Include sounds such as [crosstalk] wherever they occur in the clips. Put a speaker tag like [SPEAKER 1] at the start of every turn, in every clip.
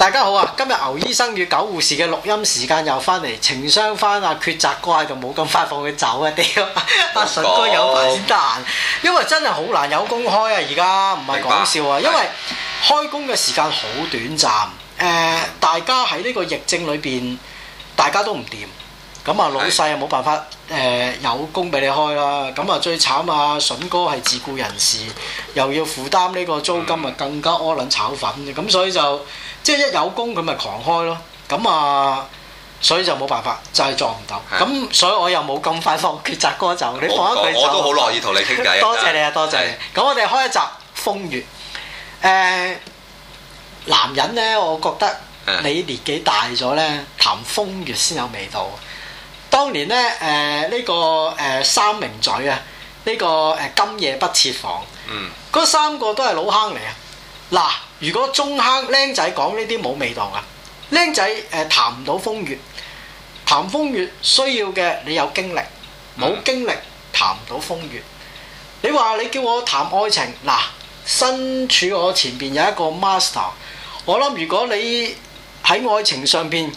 [SPEAKER 1] 大家好啊！今日牛醫生與狗護士嘅錄音時間又返嚟，情商翻啊！抉擇怪就冇咁快放佢走啊！啲阿、 [laughs] 啊、筍哥有排先得閒，因為真係好難有工開啊！而家唔係講笑啊，因為開工嘅時間好短暫。誒、呃，大家喺呢個疫症裏邊，大家都唔掂，咁啊老細又冇辦法誒、呃、有工俾你開啦。咁啊最慘啊筍哥係自雇人士，又要負擔呢個租金啊，更加屙卵炒粉嘅咁，所以就～即係一有功，佢咪狂開咯，咁啊，所以就冇辦法，就係、是、撞唔到，咁的所以我又冇咁快放決擇歌就，說你放一句我都好樂意同你傾偈。多謝你啊，的多謝你。咁我哋開一集風月，誒、呃，男人呢，我覺得你年紀大咗呢，談的風月先有味道。當年呢，誒、呃、呢、這個誒、呃、三名嘴啊，呢、這個誒、呃、今夜不設防，嗯，嗰三個都係老坑嚟啊，嗱。如果中坑僆仔講呢啲冇味道啊！僆仔誒談唔到風月，談風月需要嘅你有經歷，冇經歷談唔到風月。你話你叫我談愛情嗱，身處我前邊有一個 master，我諗如果你喺愛情上邊。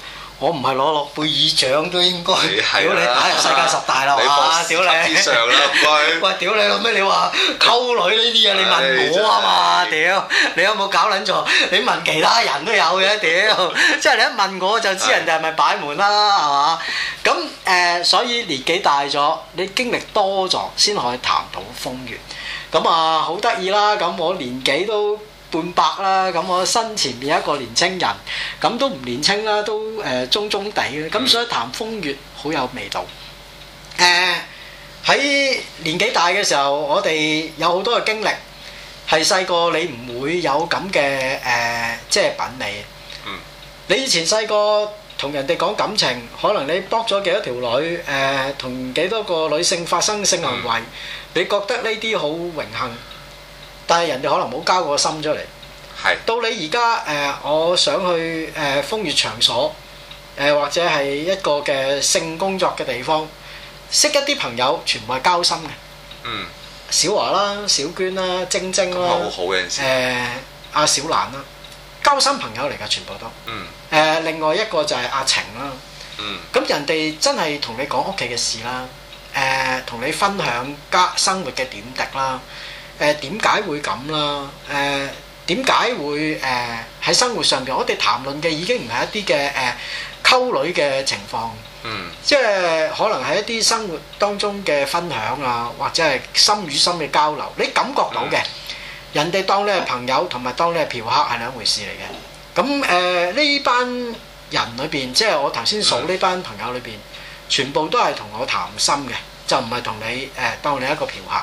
[SPEAKER 1] 我唔係攞諾貝爾獎都應該，屌你打入世界十大啦，哇！屌你，級別上啦，乖。喂，屌你做咩？你話溝女呢啲啊？你問我啊嘛？屌，你有冇搞撚錯？你問其他人都有嘅，屌！即係你一問我就知人哋係咪擺門啦，係嘛？咁誒，所以年紀大咗，你經歷多咗先可以談到風月。咁啊，好得意啦！咁我年紀都～半百啦，咁我身前面一個年青人，咁都唔年青啦，都誒中中地嘅，咁所以談風月好有味道。誒喺年紀大嘅時候，我哋有好多嘅經歷，係細個你唔會有咁嘅誒，即係品味。嗯。你以前細個同人哋講感情，可能你搏咗幾多條女，誒同幾多個女性發生性行為，你覺得呢啲好榮幸。但係人哋可能冇交過心出嚟。係的。到你而家誒，我想去誒、呃、風月場所，誒、呃、或者係一個嘅性工作嘅地方，識一啲朋友全部係交心嘅。嗯。小華啦，小娟啦，晶晶啦。咁好好嘅。誒、呃，阿小蘭啦，交心朋友嚟㗎，全部都。嗯。誒、呃，另外一個就係阿晴啦。嗯。咁人哋真係同你講屋企嘅事啦，誒、呃，同你分享家生活嘅點滴啦。誒點解會咁啦？誒點解會誒喺、呃、生活上邊？我哋談論嘅已經唔係一啲嘅誒溝女嘅情況，嗯即，即係可能係一啲生活當中嘅分享啊，或者係心與心嘅交流，你感覺到嘅、嗯、人哋當你係朋友，同埋當你係嫖客係兩回事嚟嘅。咁誒呢班人裏邊，即係我頭先數呢班朋友裏邊，嗯、全部都係同我談心嘅，就唔係同你誒、呃、當你一個嫖客。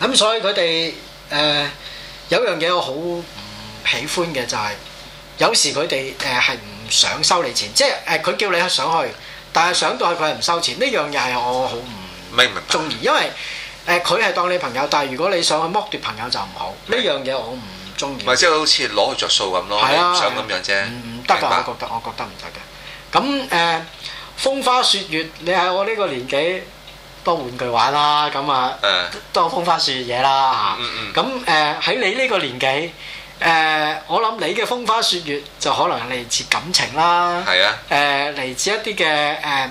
[SPEAKER 1] 咁、嗯、所以佢哋誒有樣嘢我好唔喜歡嘅就係、是、有時佢哋誒係唔想收你錢，即係誒佢叫你上去，但係上到去佢係唔收錢。呢樣嘢係我好唔中意，明白因為誒佢係當你朋友，但係如果你上去剝奪朋友就唔好。呢白樣嘢我唔中意。唔係即
[SPEAKER 2] 係好似攞佢著數咁咯，係呀，你唔想咁樣啫？
[SPEAKER 1] 唔得噶，我覺得我覺得唔得嘅。咁誒、呃、風花雪月，你喺我呢個年紀。多玩具玩啦，咁啊，多風花雪月嘢啦嚇。咁誒喺你呢個年紀，誒、呃、我諗你嘅風花雪月就可能係嚟自感情啦。係啊，誒嚟、呃、自一啲嘅誒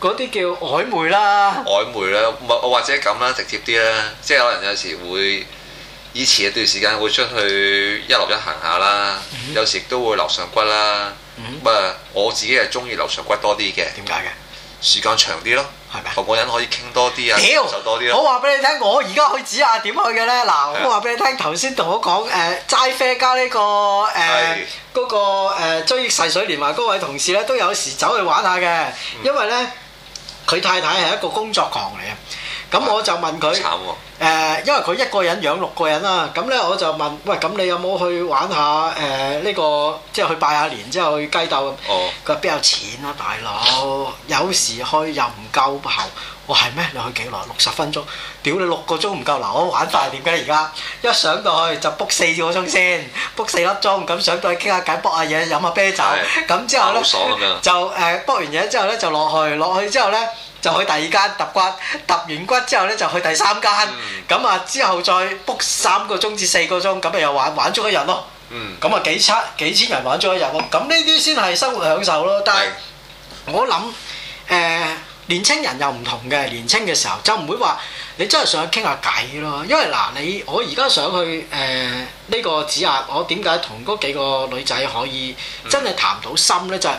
[SPEAKER 1] 嗰啲叫曖昧啦。
[SPEAKER 2] 曖昧啦，唔或者咁啦，直接啲啦，即係可能有時會以前一段時間會出去一落一行一下啦，嗯、有時都會留上骨啦。咁啊、嗯，我自己係中意留上骨多啲嘅。點解嘅？時間長啲咯，係咪嗎？香港人可以傾多啲啊，就 Hey o, 多啲咯。我話
[SPEAKER 1] 俾你聽，我而家去指下點去嘅咧。嗱是的，我話俾你聽，頭先同我講誒齋啡加呢、這個誒嗰、呃是的 那個誒、呃、追憶細水年華嗰位同事咧，都有時走去玩下嘅，因為咧佢、嗯、太太係一個工作狂嚟啊。咁我就問佢，誒、啊啊呃，因為佢一個人養六個人啦，咁咧我就問，喂，咁你有冇去玩下誒呢、呃這個，即係去拜下年之後去雞竇？哦，佢話邊有錢啊，大佬，有時去又唔夠喉。哇係咩？你去幾耐？六十分鐘？屌你六個鐘唔夠嗱！我玩快點㗎而家，一上到去就 book 四個鐘先，book 四粒鐘咁上到去傾下偈，book 下嘢，飲下啤酒，咁之後咧就誒 book 完嘢之後咧就落去，落去之後咧就去第二間揼骨，揼完骨之後咧就去第三間，咁啊之後再 book 三個鐘至四個鐘，咁咪又玩玩足一日咯。嗯，咁啊幾七幾千人玩足一日咯，咁呢啲先係生活享受咯。但係我諗誒。年青人又唔同嘅，年青嘅時候就唔會話你真係想去傾下偈咯。因為嗱，你我而家想去誒呢個指壓，我點解同嗰幾個女仔可以真係談到心呢？嗯、就係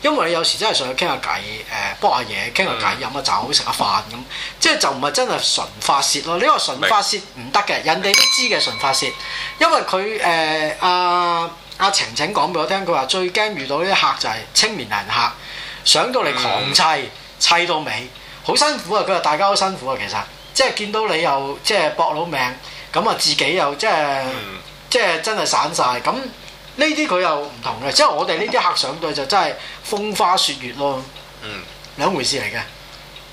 [SPEAKER 1] 因為你有時真係想去傾、呃、下偈，誒，幫下嘢，傾下偈，飲下酒，食下飯咁，即係、嗯、就唔係真係純發泄咯。你話純發泄唔得嘅，白人哋都知嘅純發泄。因為佢誒阿阿晴晴講俾我聽，佢話最驚遇到啲客就係青年人客上到嚟狂砌。砌到尾，好辛苦啊！佢話大家都辛苦啊，其實即係見到你又即係搏到命，咁啊自己又即係即係真係散晒。咁呢啲佢又唔同嘅，即係、嗯、我哋呢啲客上到就真係風花雪月咯，兩、嗯、回事嚟嘅。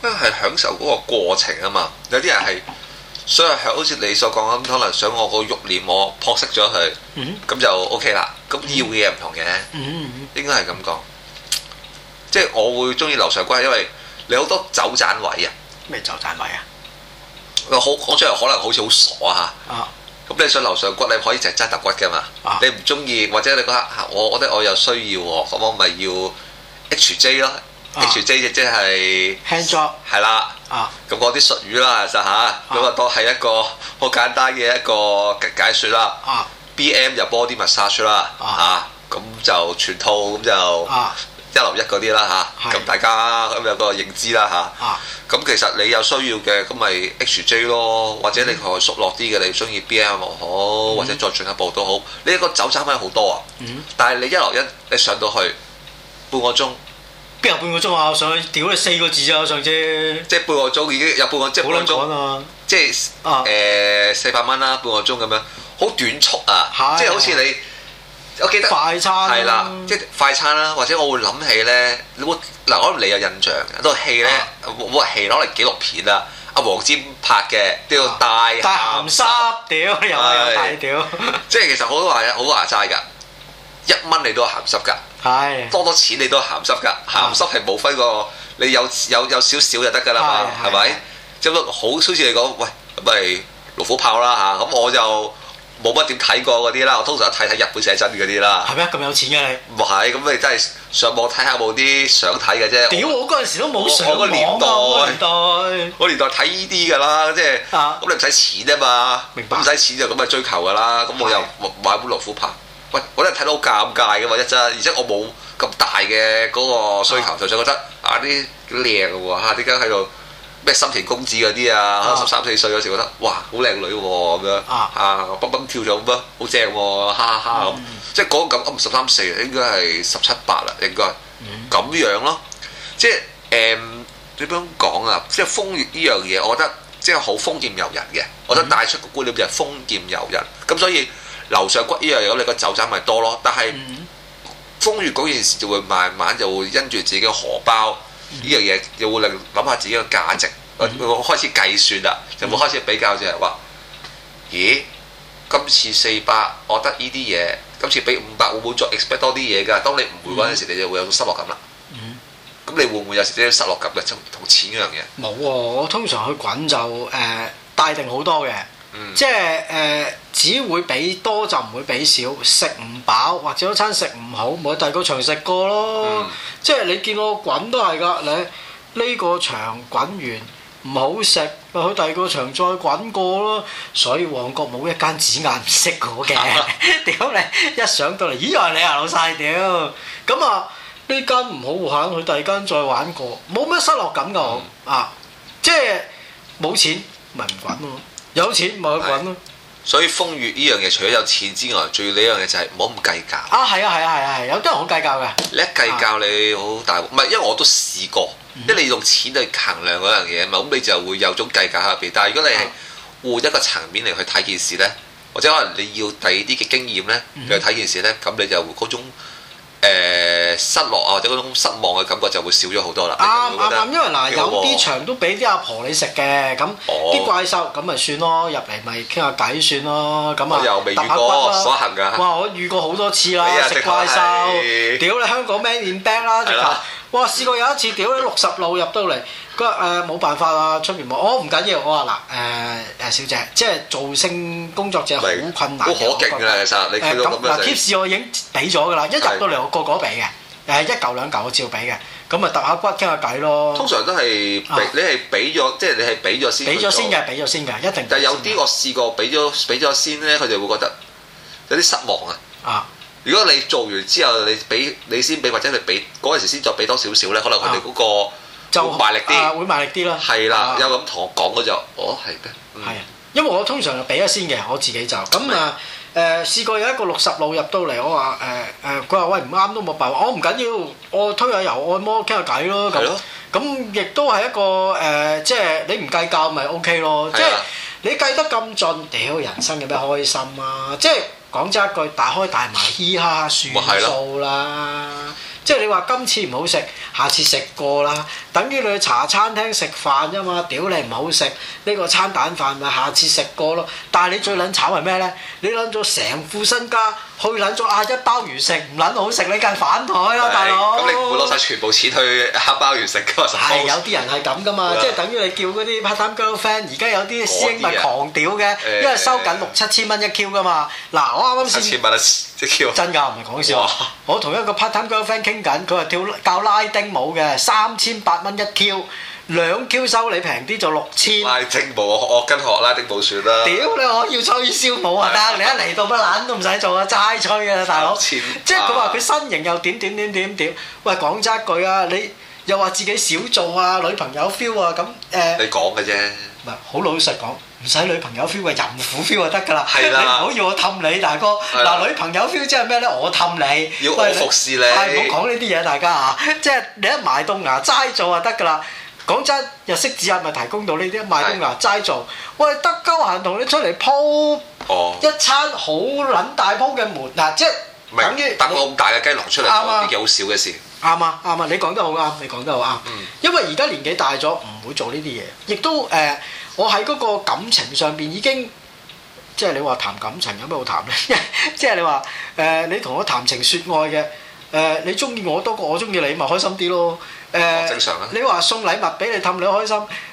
[SPEAKER 1] 因
[SPEAKER 2] 為係享受嗰個過程啊嘛，有啲人係所以好似你所講咁，可能想我個慾念我撲熄咗佢，咁、嗯、就 OK 啦。咁要嘅嘢唔同嘅，嗯嗯嗯嗯、應該係咁講。即係我會中意樓上骨，係因為你好多走盞位啊。咩走盞位啊？好，講出嚟可能好似好傻嚇。啊！咁你想樓上骨，你可以就係揸揼骨㗎嘛。你唔中意，或者你覺得我覺得我有需要喎，咁我咪要 HJ 咯。HJ 即係 hand job，係啦。咁嗰啲術語啦，其實嚇，咁啊當係一個好簡單嘅一個解説啦。BM 就 body massage 啦。啊！咁就全套咁就。一樓一嗰啲啦吓，咁的大家咁有個認知啦吓，咁、啊、其實你有需要嘅咁咪 HJ 咯，J，或者你可能熟落啲嘅，你中意 BM 又好，嗯、或者再進一步都好。你一個走餐費好多啊，但係你一樓一你上到去半個鐘，邊有半個鐘啊？我上去屌你四個字啊！上次，即係半個鐘已經有半個即係半個、啊、即係誒四百蚊啦，半個鐘咁樣，好短促啊！即係的好似你。我記得快餐係啦，即係快餐啦，或者我會諗起咧，我嗱可能你有印象，套戲咧，冇話戲攞嚟紀錄片啊，阿黃霑拍嘅都屌大鹹濕屌又又係屌，即係其實好多話好話齋㗎，一蚊你都鹹濕
[SPEAKER 1] 㗎，的多
[SPEAKER 2] 多錢你都鹹濕㗎，鹹濕係冇分個，你有有有，有少少就得㗎啦嘛，係咪的？咁好的，好似你講，喂，喂、就是，老虎炮啦嚇，咁我就。冇乜點睇過嗰啲啦，我通常睇睇日本寫真嗰啲啦。係咩？咁有錢嘅、啊、你？唔係，咁你真係上網睇下有冇啲想睇嘅啫。屌咯，我嗰陣時都冇上網。我年代，我年代睇呢啲㗎啦，即係咁、啊、你唔使錢啊嘛，明白？唔使錢就咁咪追求㗎啦。咁我又買本《龍虎豹》。喂，我都係睇到好尷尬㗎嘛一陣，而且我冇咁大嘅嗰個需求，就、啊、想覺得啊啲幾靚㗎喎嚇，點解喺度？啊咩深田恭子嗰啲啊，啊十三四歲嗰時覺得哇好靚女咁樣，啊蹦蹦跳咗咁樣，好正喎，哈哈哈咁。即係講咁十三四，應該係十七八啦，應該咁樣咯。即係誒，點、嗯、樣講啊？即係風月呢樣嘢，我覺得即係好豐儉由人嘅，嗯、我覺得帶出個觀念就係豐儉由人。咁所以樓上骨呢樣嘢，你個酒盞咪多咯。但係、嗯嗯、風月嗰件事就會慢慢就會因住自己荷包。呢樣嘢又會令諗下自己嘅價值，我、嗯、開始計算啦，嗯、就會開始比較就係話：咦，今次四百，我得呢啲嘢，今次俾五百，會唔會再 expect 多啲嘢㗎？當你唔滿嗰陣時，嗯、你就會有種失落感啦。咁、嗯、你會唔會有時啲失落感嘅？即同同錢嗰樣嘢。
[SPEAKER 1] 冇喎、啊，我通常去滾就誒帶、呃、定好多嘅。即係誒、呃，只會俾多就唔會俾少，食唔飽或者一餐食唔好，去第二個場食過咯。嗯、即係你見我滾都係㗎，你呢個場滾完唔好食，咪去第二個場再滾過咯。所以旺角冇一間止眼唔識我嘅，屌你、嗯、 [laughs] 一上到嚟，咦，又係你啊老細，屌咁啊，呢間唔好玩，去第二間再玩過，冇咩失落感㗎我、嗯、啊，即係冇錢咪唔滾咯。有錢咪
[SPEAKER 2] 去是滾咯，所以風月呢樣嘢除咗有錢之外，最重要一樣嘢就係唔好咁計較。啊，係
[SPEAKER 1] 啊，係啊，係啊，係有啲人好計較嘅。
[SPEAKER 2] 你一計較你好、啊、大鑊，唔係因為我都試過，即係、嗯、哼你用錢去衡量嗰樣嘢嘛，咁你、嗯、哼就會有種計較入邊。但係如果你換一個層面嚟去睇件事咧，或者可能你要第二啲嘅經驗咧去睇件事咧，咁、嗯、哼你就會嗰種、呃失落啊，或者嗰種失望嘅感覺就會少咗好多啦。啱啱啱，因為嗱，有啲場
[SPEAKER 1] 都俾啲阿婆你食嘅，咁啲怪獸咁咪算咯，入嚟咪傾下偈算咯，咁啊又未遇過所幸噶。哇，我遇過好多次啦，食怪獸，屌你香港 man in back 啦，哇試過有一次，屌你六十路入到嚟，佢誒冇辦法啊，出面冇，我唔緊要，我話嗱誒誒小姐，即係做性工作者好困難嘅。好可勁啊，其實你去到咁樣。咁嗱，貼士我已經俾咗噶啦，一入到嚟我個個都俾嘅。誒一嚿兩嚿我照俾嘅，咁咪揼下骨傾下偈咯。通
[SPEAKER 2] 常都係、啊、你係俾咗，即係你係俾咗先。俾咗先嘅，俾咗先嘅，一定。但係有啲我試過俾咗俾咗先咧，佢哋會覺得有啲失望啊。啊！如果你做完之後你俾你先俾或者你俾嗰陣時先再俾多少少咧，可能佢哋嗰個就賣力啲，會賣力啲啦。係啦，啊、有咁同我講嘅就，哦係咩？係、嗯，
[SPEAKER 1] 因為我通常就俾咗先嘅，我自己就咁啊。誒試過有一個六十路入到嚟，我話誒誒，佢、呃、話、呃、喂唔啱都冇辦法，我唔緊要，我推下油按摩傾下偈咯咁。咁是的 亦都係一個誒、呃，即係你唔計較咪 O K 咯，是的 即係你計得咁盡，屌人生有咩開心啊？即係講真一句，大開大埋嘻哈算數啦。數數是的 即係你話今次唔好食，下次食過啦，等於你去茶餐廳食飯啫嘛，屌你唔好食呢個餐蛋飯咪下次食過咯，但係你最撚慘係咩呢？你撚咗成副身家。去撚咗啊一鮑魚，食唔撚好食，你間反台啦，啊、是大佬，哥咁你會攞
[SPEAKER 2] 晒全部錢去黑鮑魚食噶嘛？係有啲
[SPEAKER 1] 人係咁噶嘛，即係等於你叫嗰啲 part-time girlfriend。而家有啲師兄咪狂屌嘅，啊、因為收緊六七千蚊一 q 噶嘛。嗱，我啱啱先七
[SPEAKER 2] 千蚊一 q 真㗎，唔係講笑。
[SPEAKER 1] 哇我同一個 part-time girlfriend 傾緊，佢係跳教拉丁舞嘅，三千八蚊一 q。兩 Q 收你平啲就六
[SPEAKER 2] 千，正步我我跟學拉丁啦，定部算啦。屌
[SPEAKER 1] 你，我要吹簫冇啊得，的你一嚟到乜撚都唔使做啊，齋吹啊大佬。即係佢話佢身形又點點點點點,點，喂講齋句啊！你又話自己少做啊，女朋友 feel 啊咁誒。呃、你講嘅啫，唔係好老實講，唔使女朋友 feel 啊 fe，淫婦 feel 就得㗎啦。係啦，唔好要我氹你大哥嗱的、呃，女朋友 feel 即係咩咧？我氹你，要我服侍你。唔好講呢啲嘢，大家啊，即係你一埋到牙齋做啊得㗎啦。就行就行就行講真，日式指壓咪提供到呢啲，賣啲牙齋做。我哋得鳩閒同你出嚟鋪、
[SPEAKER 2] 哦、一
[SPEAKER 1] 餐好撚大鋪嘅門，嗱、啊，即係是等，等
[SPEAKER 2] 我咁大嘅雞落出嚟做啲嘢，少嘅、啊、事。
[SPEAKER 1] 啱啊，啱啊，啊，你講得好啱，你講得好啱。好嗯、因為而家年紀大咗，唔會做呢啲嘢，亦都誒、呃，我喺嗰個感情上邊已經，即係你話談感情有咩好談咧？ [laughs] 即係你話誒、呃呃，你同我談情説愛嘅，誒、呃，你中意我多過我中意你，咪開心啲咯。誒，你話送禮物俾你氹你開心。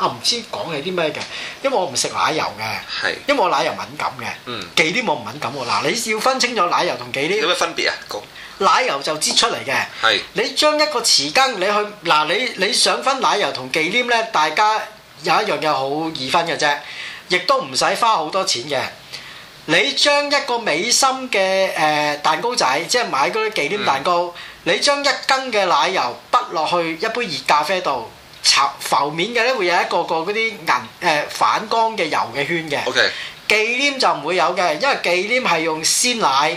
[SPEAKER 1] 我唔知講起啲咩嘅，因為我唔食奶油嘅，是因為我奶油敏感嘅、嗯、忌廉我唔敏感喎。嗱，你要分清楚奶油同忌廉有咩分別啊？奶油就擠出嚟嘅，是你將一個匙羹你去嗱你你想分奶油同忌廉咧，大家有一樣嘢好易分嘅啫，亦都唔使花好多錢嘅。你將一個美心嘅誒、呃、蛋糕仔，即係買嗰啲忌廉蛋糕，嗯、你將一羹嘅奶油潑落去一杯熱咖啡度。浮面嘅咧會有一個個嗰啲銀誒、呃、反光嘅油嘅圈嘅。Okay. 忌廉就唔會有嘅，因為忌廉係用鮮奶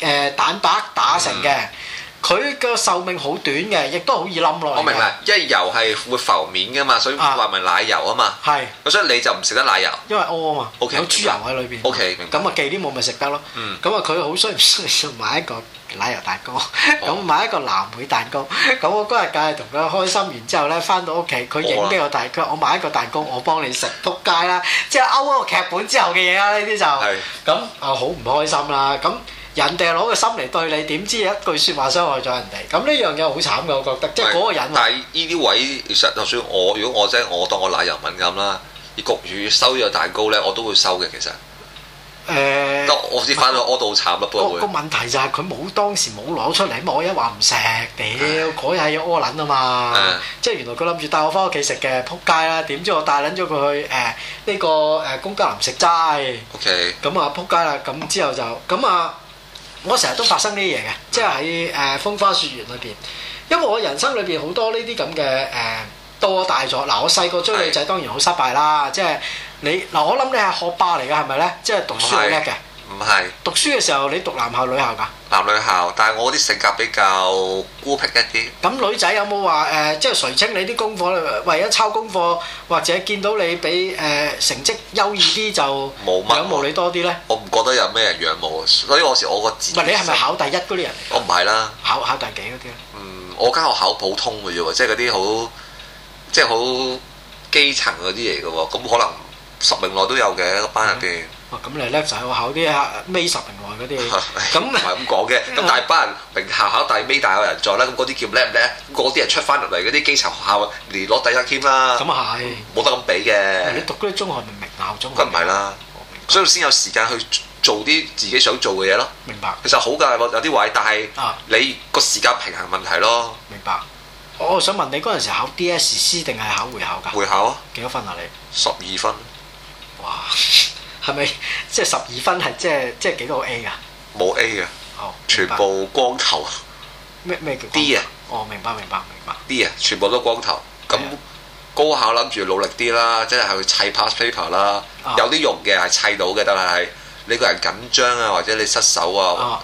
[SPEAKER 1] 誒、呃、蛋白打成嘅。Mm hmm. 佢個壽命好短嘅，亦都好易冧落嚟。我明白，
[SPEAKER 2] 因為油係會浮面噶嘛，所以話咪奶油啊嘛。係。咁所以你就唔食得奶油，
[SPEAKER 1] 因為屙啊嘛。有豬油喺裏邊。O K，明白。咁啊，忌廉冇咪食得咯。嗯。咁啊，佢好衰唔衰？又買一個奶油蛋糕，咁買一個藍莓蛋糕。咁我嗰日梗係同佢開心，然之後咧翻到屋企，佢影俾我睇，佢話：我買一個蛋糕，我幫你食，撲街啦！即係勾嗰個劇本之後嘅嘢啦，呢啲就咁啊，好唔開心啦！咁。人哋攞個心嚟對你，點知一句説話傷害咗人哋？咁呢樣嘢好慘
[SPEAKER 2] 嘅，我覺得。即係嗰個人。但係呢啲位，其實就算我，如果我真係我當我奶油敏感啦，要焗住收咗個蛋糕咧，我都會收嘅。其實。誒、欸。我先翻到屙到好慘啦，不過。個、呃、問
[SPEAKER 1] 題就係佢冇當時冇攞出嚟，冇一話唔食。屌，嗰日係要屙撚啊嘛。唉即係原來佢諗住帶我翻屋企食嘅，仆街啦！點知我帶撚咗佢去誒呢個誒公家林食齋。O Okay . K。咁、嗯、啊，仆街啦！咁之後就咁啊。我成日都發生呢啲嘢嘅，即係喺誒風花雪月裏邊，因為我人生裏邊好多呢啲咁嘅誒多大咗嗱、呃，我細個追女仔當然好失敗啦，即係的你嗱、呃，我諗你係學霸嚟嘅，係咪咧？即係、就是、讀書好叻嘅。
[SPEAKER 2] 唔係讀書
[SPEAKER 1] 嘅時候，你讀男校女校㗎？
[SPEAKER 2] 男女校，但係我啲性格比較孤僻一啲。
[SPEAKER 1] 咁女仔有冇話誒，即係誰稱你啲功課，為咗抄功課或者見到你比誒成績優異啲就仰慕你多啲呢？我
[SPEAKER 2] 唔覺得有咩人仰慕，所以我時我個字。唔係你係
[SPEAKER 1] 咪考第一嗰啲人？
[SPEAKER 2] 我唔係啦，考考第幾嗰啲？嗯，我間學校考普通嘅啫喎，即係嗰啲好即係好基層嗰啲嚟嘅喎，咁可能十名內都有嘅個班入邊。
[SPEAKER 1] 咁、哦、你叻就係、是、考啲啊尾十
[SPEAKER 2] 名外嗰啲，咁唔係咁講嘅。咁 [laughs] [laughs] 大班名 [laughs] 校考第尾大有人在啦，咁嗰啲叫叻唔叻？嗰啲人出翻入嚟嗰啲基層學校，連攞第一添啦。咁啊係，冇得咁比嘅、嗯。你
[SPEAKER 1] 讀嗰啲中學咪名校中學？佢唔
[SPEAKER 2] 係啦，所以先有時間去做啲自己想做嘅嘢咯。明白。其實好噶，有啲壞，但係你個時間平衡問題咯、啊。
[SPEAKER 1] 明白。我想問你嗰陣時考 D C 考考 S C 定係考會考噶？
[SPEAKER 2] 會考啊！幾多分啊你？你十二分。
[SPEAKER 1] 哇！係咪即係十二分，係即係即係
[SPEAKER 2] 幾多 A 啊？冇 A 啊，哦、全部光頭
[SPEAKER 1] 咩，咩叫 D 啊？哦，明白
[SPEAKER 2] 明白明白 D 啊，全部都光頭。咁、哎、呀高考諗住努力啲啦，即、就、係、是、去砌 pass paper 啦、哦。有啲用嘅係砌到嘅，但係你個人緊張啊，或者你失手啊。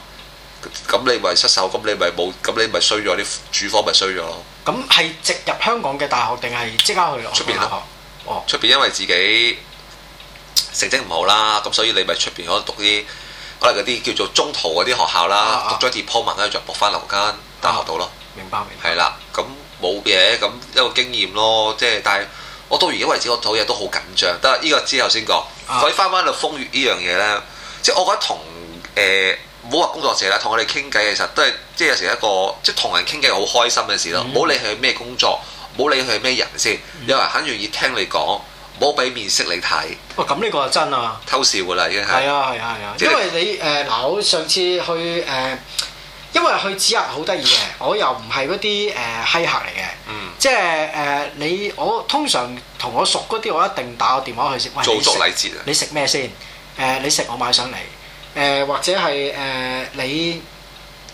[SPEAKER 2] 咁、哦、你咪失手，咁你咪冇，咁你咪衰咗，啲主科咪衰咗。
[SPEAKER 1] 咁係、嗯、直入香港嘅大學定係即刻去外國大學？
[SPEAKER 2] 哦，出邊因為自己。成績唔好啦，咁所以你咪出邊嗰度讀啲可能嗰啲叫做中途嗰啲學校啦，讀咗 diploma 咁就搏翻留間大學度咯。明白，明白。係啦，咁冇嘢，咁一個經驗咯，即係但係我到而家為止，我做嘢都好緊張。得呢個之後先講，所以翻返去風月呢樣嘢咧，即係我覺得同誒唔好話工作社啦，同我哋傾偈其實都係即係有時一個即係同人傾偈好開心嘅事咯。唔好理係咩工作，唔好理佢係咩人先，有人肯願意聽你講。冇好俾面色你睇。哇、哦！咁呢個啊真啊。偷笑噶啦，已經係。啊係啊係啊，啊啊
[SPEAKER 1] 啊因為你誒嗱，我、呃、上次去誒、呃，因為去指壓好得意嘅，我又唔係嗰啲誒閪客嚟嘅。嗯。即係誒、呃、你我通常同我熟嗰啲，我一定打個電話去食先。做作禮節啊、呃！你食咩先？誒你食我買上嚟。誒、呃、或者係誒你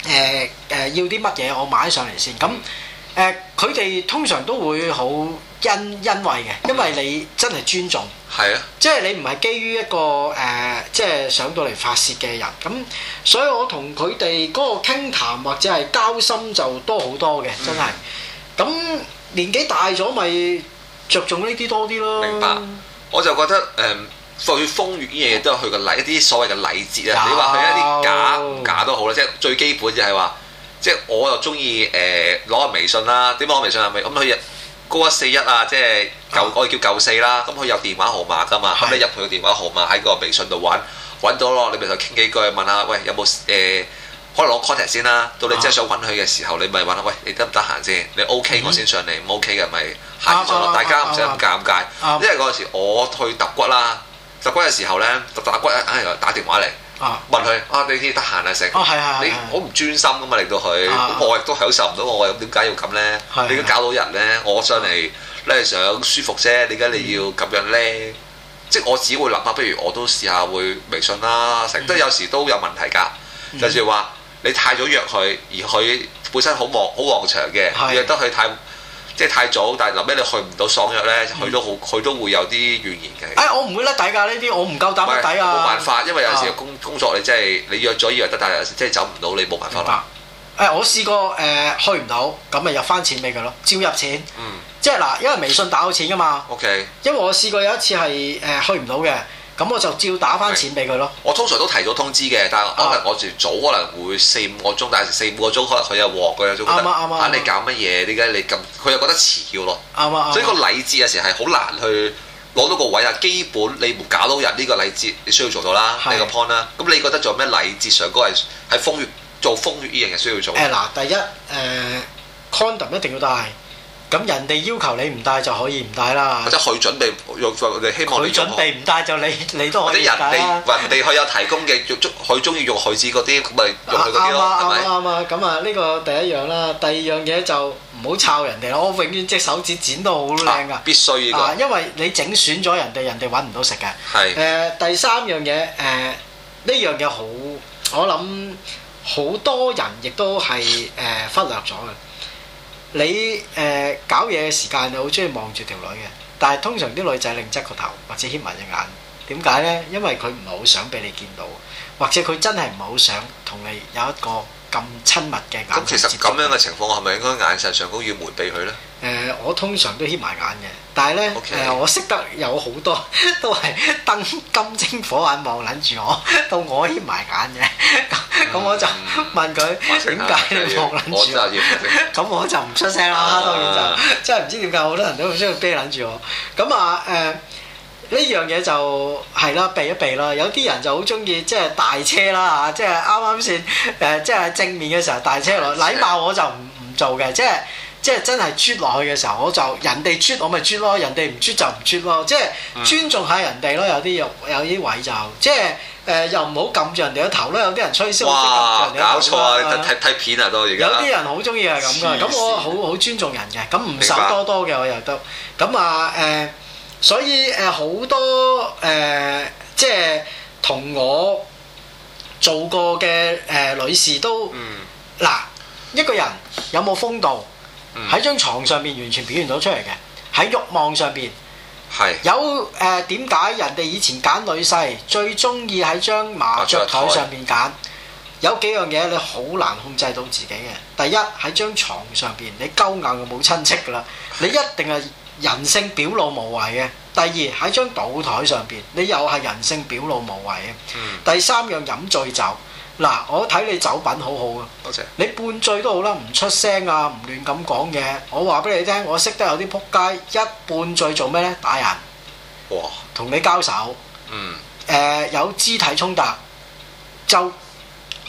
[SPEAKER 1] 誒誒要啲乜嘢我買上嚟先。咁誒佢哋通常，常，常都會好。因因為嘅，因為你真係尊重，嗯啊、即係你唔係基於一個誒、呃，即係上到嚟發泄嘅人。咁所以我同佢哋嗰個傾談，談或者係交心就多好多嘅，真係。咁、嗯、年紀大咗咪着重呢啲多啲咯。明白，
[SPEAKER 2] 我就覺得誒對、呃、風月啲嘢都有佢個禮，嗯、一啲所謂嘅禮節啊，有你話佢一啲假假都好啦，即係最基本就係、是、話，即係我又中意誒攞個微信啦，點講微信係咪咁佢高一四一啊，即係舊，我叫舊四啦。咁佢有電話號碼㗎嘛。咁的你入佢嘅電話號碼喺個微信度揾，揾到咯。你咪同佢傾幾句，問下喂，有冇誒、呃，可能攞 contact 先啦。到你真係想揾佢嘅時候，你咪揾，喂，你得唔得閒先？你 OK 我先上嚟。唔、嗯、OK 嘅咪行咗咯。啊啊啊、大家唔使咁尷尬，啊啊、因為嗰時我去揼骨啦，揼骨嘅時候咧，揼打骨咧，哎呀打電話嚟。啊！問佢啊，你啲得閒啊成？啊、哦、你好唔專心噶嘛，令到佢，的我亦都享受唔到我。點解要咁咧？的你都搞到人咧，我上嚟咧的想舒服啫。點解你要咁樣咧？嗯、即係我只會諗啊，不如我都試下會微信啦，成都有時都有問題㗎。嗯、就係話你太早約佢，而佢本身好忙好旺場嘅，約得佢太。即係太早，但係臨尾你去唔到爽約咧，去到好佢都會有啲怨言嘅。哎，
[SPEAKER 1] 我唔會甩底㗎，呢啲我唔夠膽甩底啊！冇辦法，因為有時工
[SPEAKER 2] 工作你真係你約咗以為得，但係有時即係走唔到你冇辦法啦。
[SPEAKER 1] 誒，我試過誒去唔到，咁咪入翻錢俾佢咯，照入錢。即係嗱，因為微信打到錢㗎嘛。O K。因為我試過有一次係誒去唔到嘅，咁我就照打翻錢俾佢咯。
[SPEAKER 2] 我通常都提早通知嘅，但係可能我住早可能會四五個鐘，但係四五個鐘可能佢又鑊嘅，就覺得啱啱！你搞乜嘢？點解你咁？佢又覺得遲要咯，
[SPEAKER 1] 啊啊、所以個禮
[SPEAKER 2] 節有時係好難去攞到個位啊。基本你冇搞到人呢個禮節，你需要做到啦，呢個 point 啦。咁你覺得做咩禮節上高係喺風月做風月呢樣嘢需要做？誒嗱、啊，
[SPEAKER 1] 第一誒、呃、condom 一定要戴。咁人哋要求你唔帶就可以唔帶啦，或，或者
[SPEAKER 2] 佢準備用希望佢準備唔帶就你你都可以人哋人哋佢有提供嘅，佢中意用手指嗰啲咪用啱啲啱啊
[SPEAKER 1] 啱啊！咁吧啊呢、呢個第一樣啦，第二樣嘢就唔好抄人哋啦。我永遠隻手指剪到好靚噶
[SPEAKER 2] 必須、這個、啊，
[SPEAKER 1] 因為你整損咗人哋，人哋揾唔到食嘅。係誒是、呃、第三樣嘢誒呢樣嘢好，我諗好多人亦都係誒忽略咗嘅。 [laughs] 你誒、呃、搞嘢嘅時間，你好中意望住條女嘅，但係通常啲女仔擰側個頭或者掩埋隻眼，點解呢？因為佢唔係好想俾你見到，或者佢真係唔係好想同你有一個咁親密嘅眼神接觸。咁其
[SPEAKER 2] 實咁樣嘅情況，我係咪應該眼神上高要迴避佢呢？
[SPEAKER 1] 誒、呃，我通常都掀埋眼嘅，但係咧誒，我識得有好多都係瞪金睛火眼望撚住我，到我掀埋眼嘅，咁我就問佢點解你望撚住我？咁我，嗯、我就唔出聲啦，當然就即係唔知點解好多人都好中意啤撚住我。咁啊誒呢、呃、樣嘢就係啦避一避啦，有啲人就好中意即係大車啦嚇，即係啱啱先，誒、呃，即係正面嘅時候大車來面禮貌我就唔唔做嘅，即係。即係真係出落去嘅時候，我就人哋出，我咪出咯，人哋唔出，就唔出咯。即係尊重下人哋咯。有啲有啲位就即係誒、呃，又唔好撳住人哋嘅頭咯。有啲人吹噓，有啲撳住人哋
[SPEAKER 2] 嘅頭都。有啲人好中意係咁嘅，咁我好
[SPEAKER 1] 好尊重人嘅，咁唔手多多嘅我又都。咁啊誒、呃，所以誒好、呃、多誒、呃，即係同我做過嘅誒、呃呃、女士都，嗱、嗯、一個人有冇風度？喺張、嗯、床上面完全表現到出嚟嘅，喺欲望上邊的有誒，點解人哋以前揀女婿最中意喺張麻雀台上邊揀？有幾樣嘢你好難控制到自己嘅。第一喺張床上邊，你鳩硬就冇親戚噶啦，你一定係人性表露無遺嘅。第二喺張賭台上邊，你又係人性表露無遺嘅。嗯、第三樣飲醉酒。嗱，我睇你酒品好好啊！多謝，謝你半醉都好啦，唔出聲啊，唔亂咁講嘢。我話俾你聽，我識得有啲仆街，一半醉做咩呢？打人！哇！同你交手。嗯、呃。有肢體衝突，就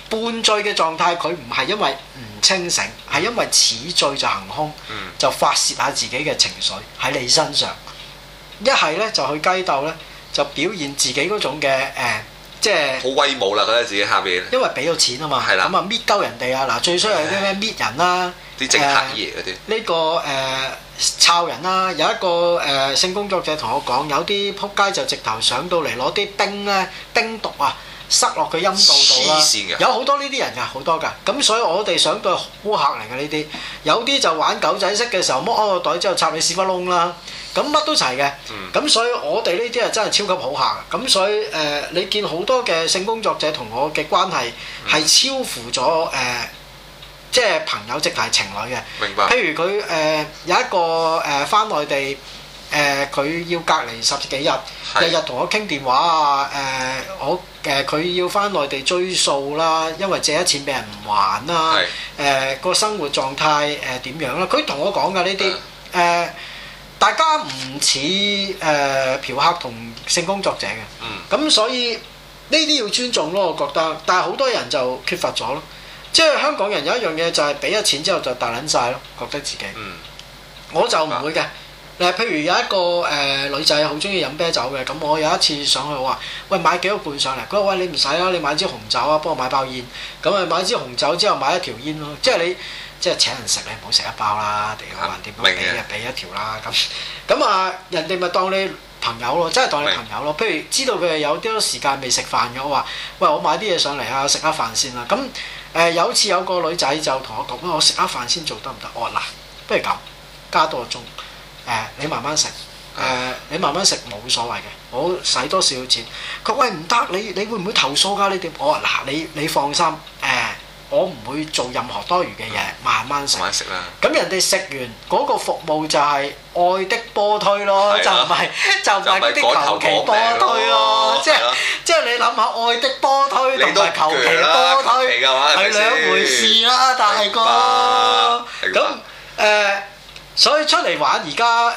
[SPEAKER 1] 半醉嘅狀態，佢唔係因為唔清醒，係因為恃醉就行兇，嗯、就發洩下自己嘅情緒喺你身上。一係呢，就去雞竇呢就表現自己嗰種嘅誒。呃即係
[SPEAKER 2] 好威武啦！覺得自己黑嘢因
[SPEAKER 1] 為俾咗錢啊嘛，咁啊搣鳩人哋啊！嗱，最衰係啲咩搣人啦，
[SPEAKER 2] 啲正黑嘢嗰啲。
[SPEAKER 1] 呢、呃這個誒摷、呃、人啦，有一個誒、呃、性工作者同我講，有啲仆街就直頭上到嚟攞啲冰咧，冰毒啊，塞落佢陰道度啦。黐線嘅，有好多呢啲人㗎，好多㗎。咁所以我哋想對顧客嚟嘅呢啲，有啲就玩狗仔式嘅時候，剝開個袋之後插你屎窟窿啦。咁乜都齊嘅，咁、嗯、所以我哋呢啲係真係超級好客嘅。咁所以誒、呃，你見好多嘅性工作者同我嘅關係係超乎咗誒，即、呃、係、就是、朋友，即係情侶嘅。明白。譬如佢誒、呃、有一個誒返、呃、內地，誒、呃、佢要隔離十幾日，日日同我傾電話啊。誒、呃、我誒佢、呃、要返內地追數啦，因為借咗錢俾人唔還啦。係的。誒個、呃、生活狀態誒點、呃、樣啦？佢同我講㗎呢啲誒。大家唔似誒嫖客同性工作者嘅，咁、嗯、所以呢啲要尊重咯，我覺得。但係好多人就缺乏咗咯，即係香港人有一樣嘢就係俾咗錢之後就大撚晒咯，覺得自己。嗯、我就唔會嘅。誒、嗯，譬如有一個誒、呃、女仔好中意飲啤酒嘅，咁我有一次上去我話：喂，買幾個罐上嚟？佢話：喂，你唔使啦，你買支紅酒啊，幫我買包煙。咁啊，買支紅酒之後買一條煙咯，即係你。即係請人食，你唔好食一包啦，定還點樣俾就俾一條啦。咁咁啊，人哋咪當你朋友咯，真係當你朋友咯。譬如知道佢有啲多時間未食飯嘅，我話：喂，我買啲嘢上嚟啊，食下飯先啦。咁誒有次有個女仔就同我講：我食下飯先做得唔得？我話：嗱，不如咁，加多個鐘誒，你慢慢食誒的、呃，你慢慢食冇所謂嘅，我使多少錢。佢話，喂，唔得，你你會唔會投訴㗎、啊？你點？我話，嗱，你你，你放心。我唔會做任何多餘嘅嘢，慢慢食。咁人哋食完嗰個服務就係愛的波推咯，就唔係就唔係啲求其波推咯。即係即係你諗下，愛的波推同埋求其波推係兩回事啦，大哥。咁誒，所以出嚟玩而家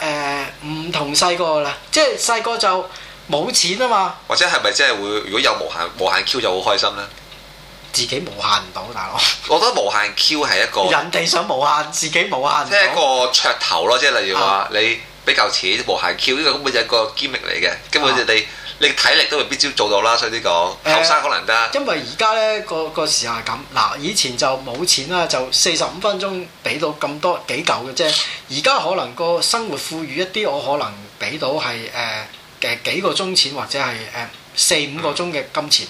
[SPEAKER 1] 誒唔同細個啦，即係細個就冇錢啊嘛。
[SPEAKER 2] 或者係咪即係會如果有無限無限 Q 就好開心咧？自己無限唔到，大佬。我覺得無限 Q 係一個。人
[SPEAKER 1] 哋想無限，自己無限唔到，即係一
[SPEAKER 2] 個噱頭咯，即係例如話你俾嚿錢無限 Q 呢個根本就一個 game 嚟嘅，根本就你你體力都未必招做到啦，所以呢個後生可能得、啊。因
[SPEAKER 1] 為而家咧個個時候係咁，嗱以前就冇錢啦，就四十五分鐘俾到咁多幾嚿嘅啫。而家可能個生活富裕一啲，我可能俾到係誒嘅幾個鐘錢或者係誒。呃四五個鐘嘅金錢，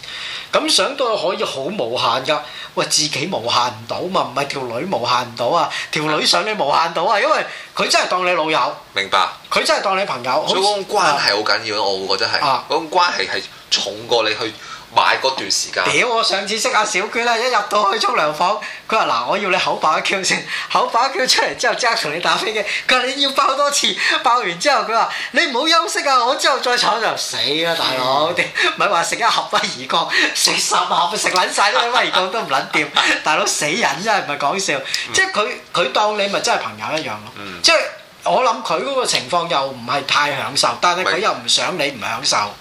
[SPEAKER 1] 咁、嗯、想到可以好無限㗎。喂，自己無限唔到嘛，唔係條女無限唔到啊，條女上你無限
[SPEAKER 2] 到啊，明白。因為佢真係當你老友，明白？佢真係當你朋友，明白。好像，所以嗰、啊、種關係好緊要咯，我會覺得係，嗰種關係係重過你去。買嗰段時間，屌！ [music] 我上次識阿
[SPEAKER 1] 小娟啦，一入到去沖涼房，佢話嗱，我要你口爆一 Q 先，口爆一 Q 出嚟之後，即刻同你打飛機。佢話你要爆多次，爆完之後佢話你唔好休息啊，我之後再闖就死啦，大佬！屌，唔係話食一盒不二鋼，食十盒咪食撚晒。啲不二鋼都唔撚掂，大佬，死人真係唔係講笑。即係佢佢當你咪真係朋友一樣咯。即係、嗯就是、我諗佢嗰個情況又唔係太享受，但係佢又唔想你唔享受。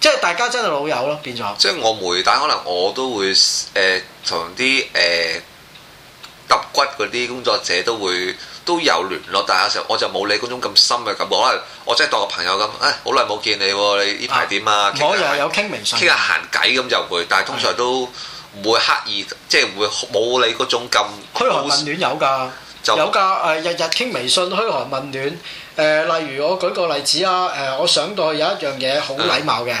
[SPEAKER 1] 即係大家真係老友咯，變咗。
[SPEAKER 2] 即係我媒體，可能我都會誒同啲誒揼骨嗰啲工作者都會都有聯絡，但係有時候我就冇你嗰種咁深嘅感覺啦。可能我真係當個朋友咁，誒好耐冇見你喎，你呢排點啊？我又有傾微信，傾下閒偈咁就會，但係通常都唔會刻意，即係會冇你嗰種咁。噓寒問暖有㗎，就有
[SPEAKER 1] 㗎誒，日日傾微信，噓寒問暖。誒、呃，例如我舉個例子啊！誒、呃，我想到有一樣嘢好禮貌嘅，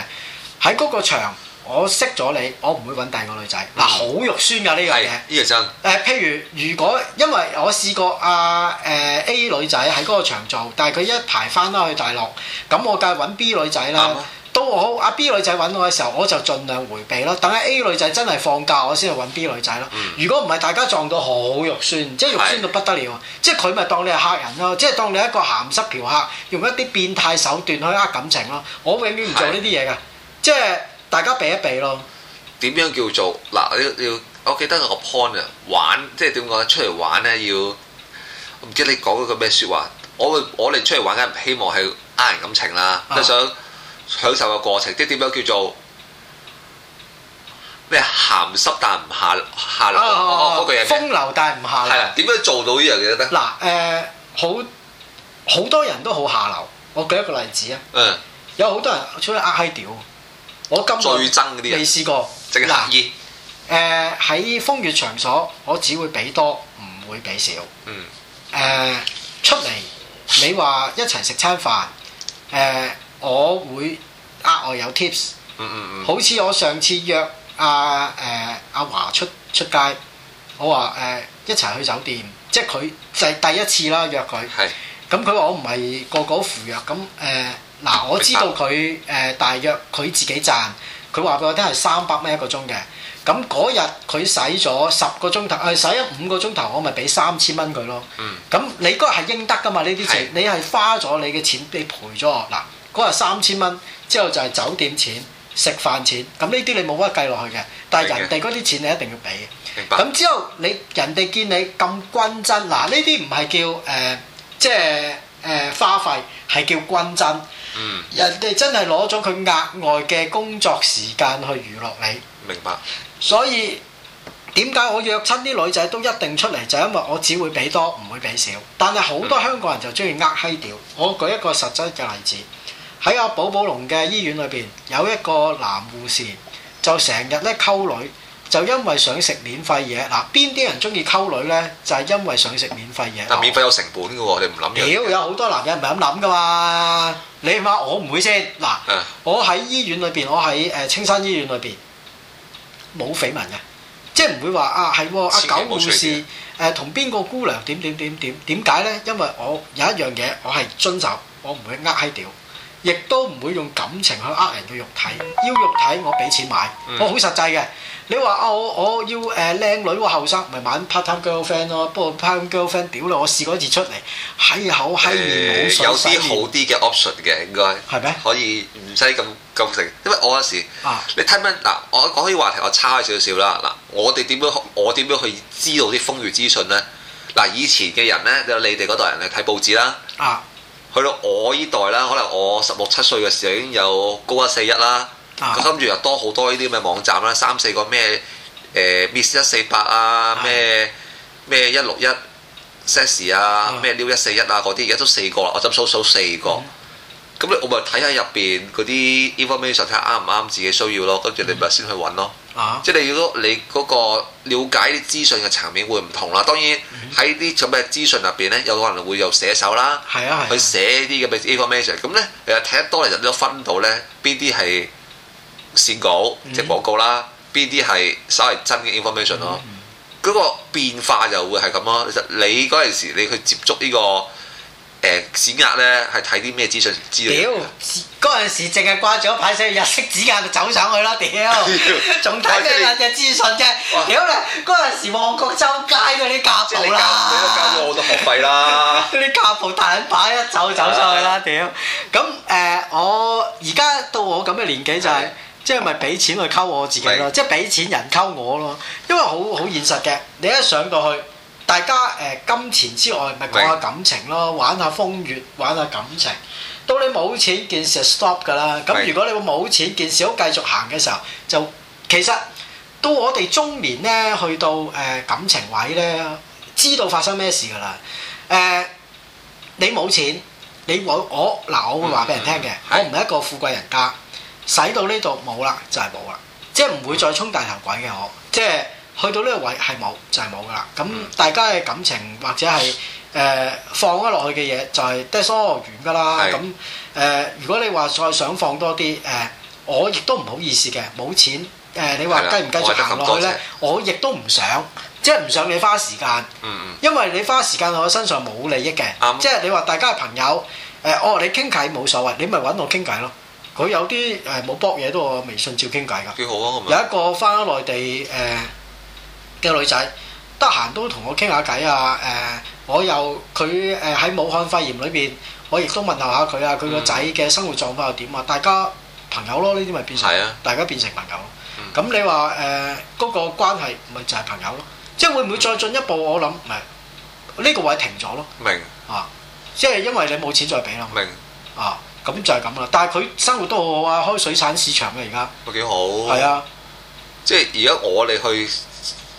[SPEAKER 1] 喺嗰、嗯、個場，我識咗你，我唔會揾第二個女仔，嗱、嗯，好肉、啊、酸噶呢樣嘢。係，呢個、嗯、真。誒、呃，譬如如果因為我試過啊誒、呃、A 女仔喺嗰個場做，但係佢一排翻翻去大陸，咁我梗係揾 B 女仔啦。嗯嗯。好，阿 B 女仔揾我嘅時候，我就盡量回避咯。等下 A 女仔真係放假，我先去揾 B 女仔咯。嗯、如果唔係，大家撞到好肉酸，是即係肉酸到不得了，即係佢咪當你係客人咯，即係當你係一個鹹濕嫖客，用一啲變態手段去呃感情咯。我永遠唔做呢啲嘢㗎，是即
[SPEAKER 2] 係大家避一避咯。點樣叫做嗱？要、要我記得個 point 啊，玩即係點講？出嚟玩呢，要我唔知你講嗰個咩說話。我我哋出嚟玩嘅人，希望係呃人感情啦，即係、啊、想。享受嘅過程，即係點樣叫做咩？鹹濕但唔下下流嗰句嘢。風
[SPEAKER 1] 流但唔下
[SPEAKER 2] 流。係啦、嗯。點樣做到呢樣嘢得？嗱，
[SPEAKER 1] 誒、呃、好好多人都好下流。我舉一個例子啊。嗯。有好多人出去呃閪屌。
[SPEAKER 2] 我今最憎嗰啲。未試過。嗱，
[SPEAKER 1] 誒喺、呃、風月場所，我只會俾多，唔會俾少。嗯。誒、呃、出嚟，你話一齊食餐飯，誒、呃。呃我會額外有 tips，嗯嗯嗯、好似我上次約阿誒阿華出出街，我話誒、呃、一齊去酒店，即係佢就係第一次啦約佢，咁佢話我唔係個個赴約，咁誒嗱我知道佢誒、呃、大約佢自己賺，佢話俾我聽係三百蚊一個鐘嘅，咁嗰日佢使咗十個鐘頭，誒使咗五個鐘頭，我咪俾三千蚊佢咯，咁、嗯嗯、你嗰日係應得㗎嘛？呢啲錢你係是花咗你嘅錢，你賠咗我嗱。嗰日三千蚊，之後就係酒店錢、食飯錢，咁呢啲你冇乜計落去嘅。但係人哋嗰啲錢你一定要俾。
[SPEAKER 2] 明白。咁之
[SPEAKER 1] 後你人哋見你咁均真，嗱呢啲唔係叫誒，即係誒花費，係、嗯、叫均真。嗯。人哋真係攞咗佢額外嘅工作時間去娛樂你。明白。所以點解我約親啲女仔都一定出嚟，就是、因為我只會俾多，唔會俾少。但係好多香港人就中意呃閪屌。嗯、我舉一個實質嘅例子。喺阿寶寶龍嘅醫院裏邊，有一個男護士就成日咧溝女，就因為想食免費嘢嗱。邊啲人中意溝女呢？就係因為想食免費嘢。
[SPEAKER 2] 但免費有成本嘅喎，你唔諗嘅。屌
[SPEAKER 1] 有好多男人唔係咁諗噶嘛？你話我唔會先嗱、啊，我喺醫院裏邊，我喺誒青山醫院裏邊冇緋聞嘅，即係唔會話啊係阿狗護士同邊個姑娘點點點點點解呢？因為我有一樣嘢，我係遵守，我唔會呃喺屌。亦都唔會用感情去呃人嘅肉體，要肉體我俾錢買、嗯我，我好實際嘅。你話啊，我我要誒靚女喎，後生咪揾 part time girlfriend 咯。不過 part time girlfriend 屌啦，我試過一次出嚟，嘿口嘿面冇、呃、有啲好
[SPEAKER 2] 啲嘅 option 嘅應該係咩？嗎可以唔使咁咁食，因為我有時、啊、你聽唔嗱，我講起個話題我差開少少啦嗱，我哋點樣我點樣去知道啲風月資訊咧？嗱、啊，以前嘅人咧就你哋嗰代人嚟睇報紙啦。啊啊去到我呢代啦，可能我十六七歲嘅時候已經有高一四一啦，咁跟住又多好多呢啲咁嘅網站啦，三四個咩誒、呃、miss 一四八啊，咩咩一六一 sex 啊，咩 new 一四一啊，嗰啲而家都四個啦，我就數數四個。嗯。咁咧，我咪睇下入邊嗰啲 information，睇下啱唔啱自己需要咯。跟住你咪先去揾咯。嗯、即係你要嗰你嗰個了解啲資訊嘅層面會唔同啦。當然喺啲咁嘅資訊入邊咧，有可能會有寫手啦，係啊，啊去寫啲嘅 information。咁咧，其實睇得多，嚟，入咗分到咧，邊啲係線稿即係廣告啦，邊啲係稍為真嘅 information 咯。嗰、嗯、個變化就會係咁咯。其實你嗰陣時你去接觸呢、呢個。誒指壓咧係睇啲咩資訊資料？屌，嗰
[SPEAKER 1] 陣時淨係掛住一排寫日式指壓就走上去啦！屌，仲睇咩日資訊啫？屌咧，嗰陣時旺角周街嗰啲夾布啦，交都交咗
[SPEAKER 2] 好多學費啦，
[SPEAKER 1] 啲夾布大人牌一走走上去啦！屌，咁誒我而家到我咁嘅年紀就係，即係咪俾錢去溝我自己咯？即係俾錢人溝我咯，因為好好現實嘅，你一上到去。大家誒、呃、金錢之外，咪講下感情咯，對玩下風月，玩下感情。到你冇錢件事就 stop 㗎啦。咁對如果你冇錢件事好繼續行嘅時候，就其實到我哋中年咧，去到誒、呃、感情位咧，知道發生咩事㗎啦。誒、呃，你冇錢，你我我嗱，我會話俾人聽嘅，我唔係一個富貴人家，使到呢度冇啦，就係冇啦，即係唔會再充大頭鬼嘅我，即係。就是去到呢個位係冇就係冇噶啦，咁大家嘅感情或者係誒、呃、放咗落去嘅嘢就係得疏遠㗎啦。咁誒的、呃，如果你話再想放多啲誒、呃，我亦都唔好意思嘅，冇錢誒、呃。你話繼唔繼續行落去咧？我亦都唔想，即係唔想你花時間。嗯嗯，因為你花時間我身上冇利益嘅，嗯、即係你話大家係朋友誒，哦、呃、你傾偈冇所謂，你咪揾我傾偈咯。佢有啲誒冇卜嘢都我微信照傾偈㗎。幾好啊！有一個翻內地誒。嘅女仔，得閒都同我傾下偈啊！誒，我又佢誒喺武漢肺炎裏邊，我亦都問候下佢啊！佢個仔嘅生活狀況又點啊？大家朋友咯，呢啲咪變成，大家變成朋友咯。咁你話誒嗰個關係咪就係朋友咯？即係會唔會再進一步？我諗誒，呢個位停咗咯。
[SPEAKER 2] 明啊，
[SPEAKER 1] 即係因為你冇錢再俾咯。明啊，咁就係咁啦。但係佢生活都好好啊，開水產市場嘅而家
[SPEAKER 2] 都幾好。係啊，即係而家我哋去。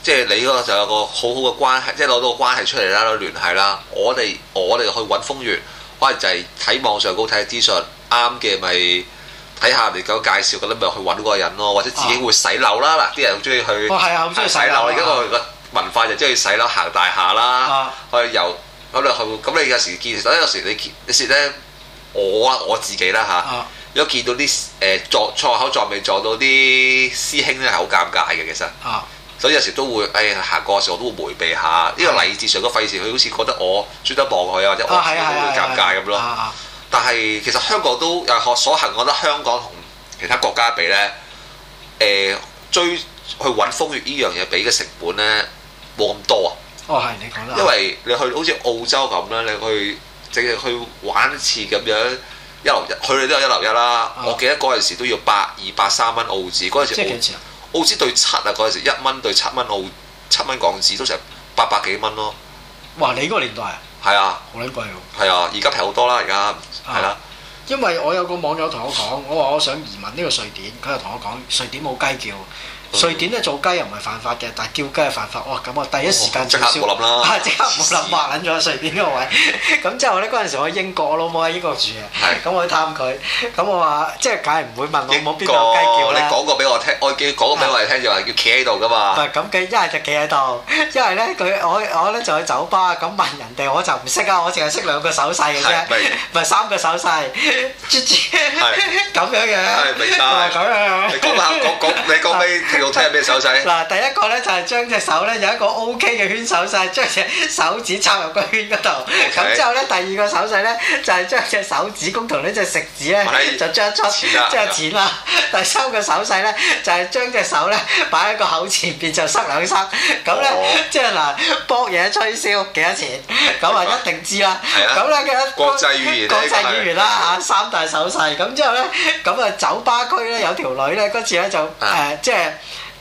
[SPEAKER 2] 即係你嗰個就有個好好嘅關係，即係攞到個關係出嚟啦，聯繫啦。我哋我哋去揾風源，可能就係睇網上高啲睇資訊，啱嘅咪睇下人哋咁介紹，咁你咪去揾嗰個人咯。或者自己會洗樓啦嗱，啲、啊、人好中意去。哇、啊啊，啊，中意洗樓。而家個文化就中意洗樓，行大廈啦。啊、去遊咁你去，咁你有時見，有時你你識咧，我我自己啦吓，啊啊、如果見到啲誒撞錯口撞未撞到啲師兄咧，係好尷尬嘅其實尷尷。啊啊所以有時都會，哎呀行過嘅時候都會迴避下，因為禮節上都費事，佢好似覺得我追得望佢啊，或者我會尷尬咁咯。但係其實香港都有所，我所行覺得香港同其他國家比咧，誒、呃、追去揾風月呢樣嘢，俾嘅成本咧冇咁多啊。哦，係你
[SPEAKER 1] 講啦。因為
[SPEAKER 2] 你去好似澳洲咁啦，你去淨係去玩一次咁樣一流日，佢哋都一流日啦。一一啊、我記得嗰陣時都要百二百三蚊澳紙，嗰陣時。澳紙兌七啊！嗰陣時一蚊兌七蚊澳，七蚊港紙都成八百幾蚊咯。
[SPEAKER 1] 哇！你嗰個年代啊，係啊，好撚貴喎。
[SPEAKER 2] 係啊，而家平好多啦，而家係啦。啊啊、
[SPEAKER 1] 因為我有個網友同我講，我話我想移民呢個瑞典，佢就同我講瑞典冇雞叫。瑞典咧做雞又唔係犯法嘅，但係叫雞係犯法。哇！咁我第一時間取消，即刻冇諗啦，即刻冇諗，畫撚咗瑞典嗰個位。咁之後咧，嗰陣時我去英國，我老母喺英國住啊，咁我去探佢，咁我話即係梗係唔會問我。你講過，你講
[SPEAKER 2] 過俾我聽，我叫講俾我哋聽，就話要企喺度噶嘛。唔係咁
[SPEAKER 1] 佢一係就企喺度，一係咧佢我我咧就去酒吧咁問人哋，我就唔識啊，我淨係識兩個手勢嘅啫，唔係三個手勢。係
[SPEAKER 2] 咁樣嘅，唔係咁樣。你講下，講講你講俾。用聽係咩手
[SPEAKER 1] 勢？嗱，第一個咧就係將隻手咧有一個 O.K. 嘅圈手勢，將隻手指插入個圈嗰度。咁之後咧，第二個手勢咧就係將隻手指公同呢隻食指咧就張出，即係錢啦。第三個手勢咧就係將隻手咧擺喺個口前邊，就塞
[SPEAKER 2] 兩塞。咁咧，
[SPEAKER 1] 即係嗱，博嘢吹簫幾多錢？咁啊，一定知啦。
[SPEAKER 2] 咁咧嘅，國際語言，國際語言啦
[SPEAKER 1] 嚇，三大手勢。咁之後咧，咁啊酒吧區咧有條女咧嗰次咧就誒即係。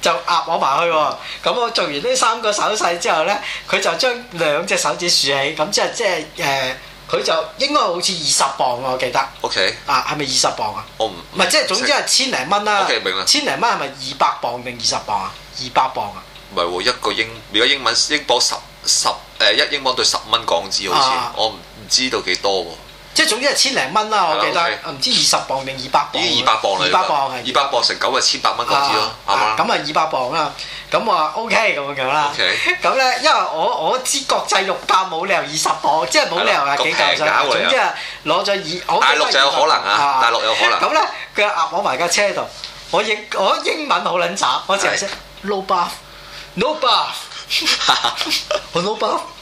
[SPEAKER 1] 就壓我埋去喎，咁我做完呢三個手勢之後呢，佢就將兩隻手指豎起，咁即係即係誒，佢、呃、就應該好似二十磅喎，我記得。OK 啊，係咪二十磅啊？我
[SPEAKER 2] 唔唔係，即係總之係千零蚊啦。OK，明啦。千
[SPEAKER 1] 零蚊係咪二百磅定二十磅啊？二百磅啊？唔係
[SPEAKER 2] 喎，一個英如果英文英鎊十十誒、呃、一英鎊對十蚊港紙好似，啊、我唔知道幾多喎、啊。
[SPEAKER 1] 即係總之係千零蚊啦，我記得唔知二十磅定二百磅，二百磅，二百係
[SPEAKER 2] 二百磅，成九係千百蚊嗰啲咯，係嘛？
[SPEAKER 1] 咁啊二百磅啊，咁我話 OK 咁樣啦。咁咧，因為我我知國際肉價冇理由二十磅，即係冇理由話幾嚿水。總之啊，攞咗二大陸就有可能啊，大陸有可能。咁咧，佢壓我埋架車度，我英我英文好撚渣，我淨係識。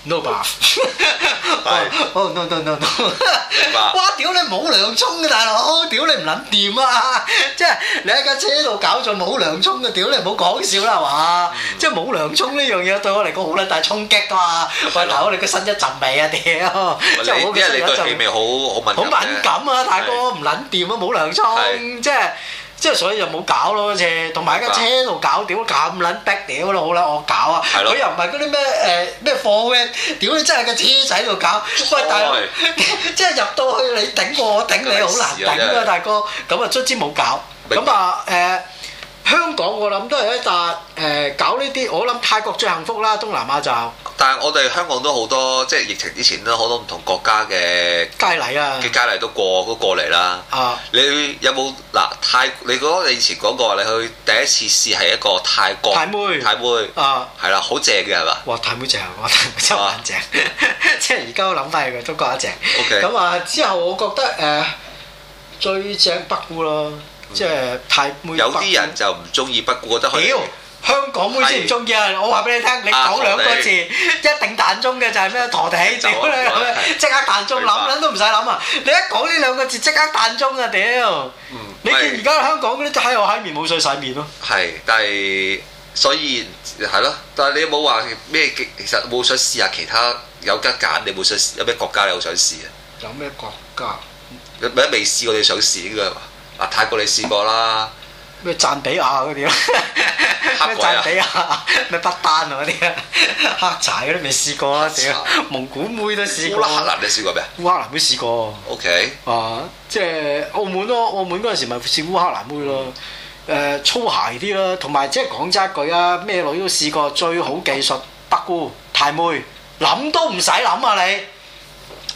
[SPEAKER 1] no 吧，no no no no，哇！屌你冇涼沖嘅大佬，屌你唔撚掂啊！即係你喺架車度搞咗冇涼沖嘅，屌你唔好講笑啦係嘛？即係冇涼沖呢樣嘢對我嚟講好撚，大衝擊嘛。喂，大佬你個身一陣味啊，屌！即係我嘅身一陣味好
[SPEAKER 2] 好敏感
[SPEAKER 1] 啊，大哥唔撚掂啊，冇涼沖即係。即係所以就冇搞咯，即係同埋喺架車度搞，屌咁撚逼，屌啦好啦，我搞啊，佢的又唔係嗰啲咩誒咩貨嘅，屌你真係架車仔度搞，喂，大佬，即係入到去你頂我，是我頂你好是難頂啊大哥，咁啊卒之冇搞，咁白啊誒。呃香港我諗都係一笪誒搞呢啲，我諗泰國最幸福啦，東南亞就。
[SPEAKER 2] 但係我哋香港都好多，即係疫情之前都好多唔同國家嘅。佳麗啊！嘅佳麗都過都過嚟啦、啊。啊！你有冇嗱泰？你覺得你以前講過，你去第一次試係一個泰國。泰妹。泰妹。啊！係啦，好正嘅係嘛？哇！泰妹正，我泰妹真係正。
[SPEAKER 1] 即係而家我諗翻係個都覺得正。O Okay . K。咁啊之後我覺得誒、呃、最正北姑啦。即係太妹有啲人
[SPEAKER 2] 就唔中意，不過得。屌，
[SPEAKER 1] 香港妹先唔中意啊！我話俾你聽，你講兩個字，一定彈中嘅就係咩？陀地即刻彈中，諗都唔使諗啊！你一講呢兩個字，即刻彈中啊！屌，
[SPEAKER 2] 你見而家香港嗰啲喺度喺面冇水洗面咯。係，但係所以係咯，但係你有冇話咩？其實有冇想試下其他有得揀？你有冇想試，有咩國家你好想試啊？有咩國家？咪未試過，我你想試啊，泰國你試過啦讚？咩 [laughs] 讚比亞嗰啲啊？咩讚比
[SPEAKER 1] 亞？咩不丹嗰啲啊？ [laughs] 黑
[SPEAKER 2] 柴嗰啲未試過
[SPEAKER 1] 啊？柴蒙古妹都試過啦。烏克蘭
[SPEAKER 2] 你試過咩？烏克
[SPEAKER 1] 蘭妹試過。O K。哦 Okay.、啊，即係澳門咯，澳門嗰陣時咪試烏克蘭妹咯。誒、嗯呃，粗鞋啲啦，同埋即係講真一句啊，咩女都試過，最好技術北姑泰妹，諗都唔使諗啊你。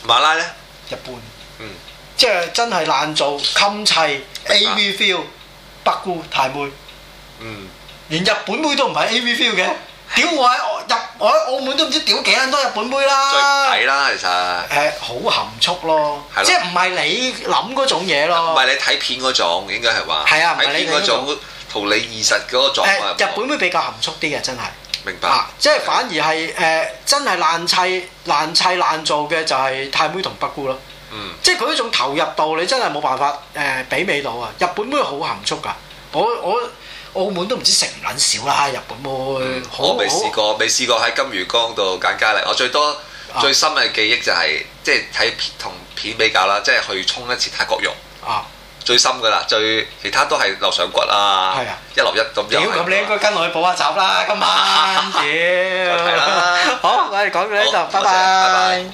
[SPEAKER 2] 馬拉咧？一般。
[SPEAKER 1] 即係真係難做，襟砌 AV feel，北姑泰妹，
[SPEAKER 2] 嗯，
[SPEAKER 1] 連日本妹都唔係 AV feel 嘅。屌我喺澳日我喺澳門都唔知屌幾多日本妹啦，最抵
[SPEAKER 2] 啦其實，誒好含蓄咯，即係
[SPEAKER 1] 唔係你諗嗰種嘢咯，唔係你
[SPEAKER 2] 睇片嗰種，應該係話唔係你睇片嗰種同你現實嗰個狀況，誒日
[SPEAKER 1] 本妹比較含蓄啲嘅真係，明白，即係反而係誒真係難砌難砌難做嘅就係泰妹同北姑咯。即係佢呢種投入到你真係冇辦法誒比美到啊！日本妹好含蓄㗎，我我澳門都唔知食唔撚少啦。日本妹我未試
[SPEAKER 2] 過，未試過喺金魚缸度揀佳麗。我最多最深嘅記憶就係即係睇片同片比較啦，即係去沖一次泰國浴，啊！最深㗎啦，最其他都係樓上骨啊，一樓一咁樣。妖，咁
[SPEAKER 1] 你應該跟我去補下習啦今晚。好，我哋講到呢度，拜拜。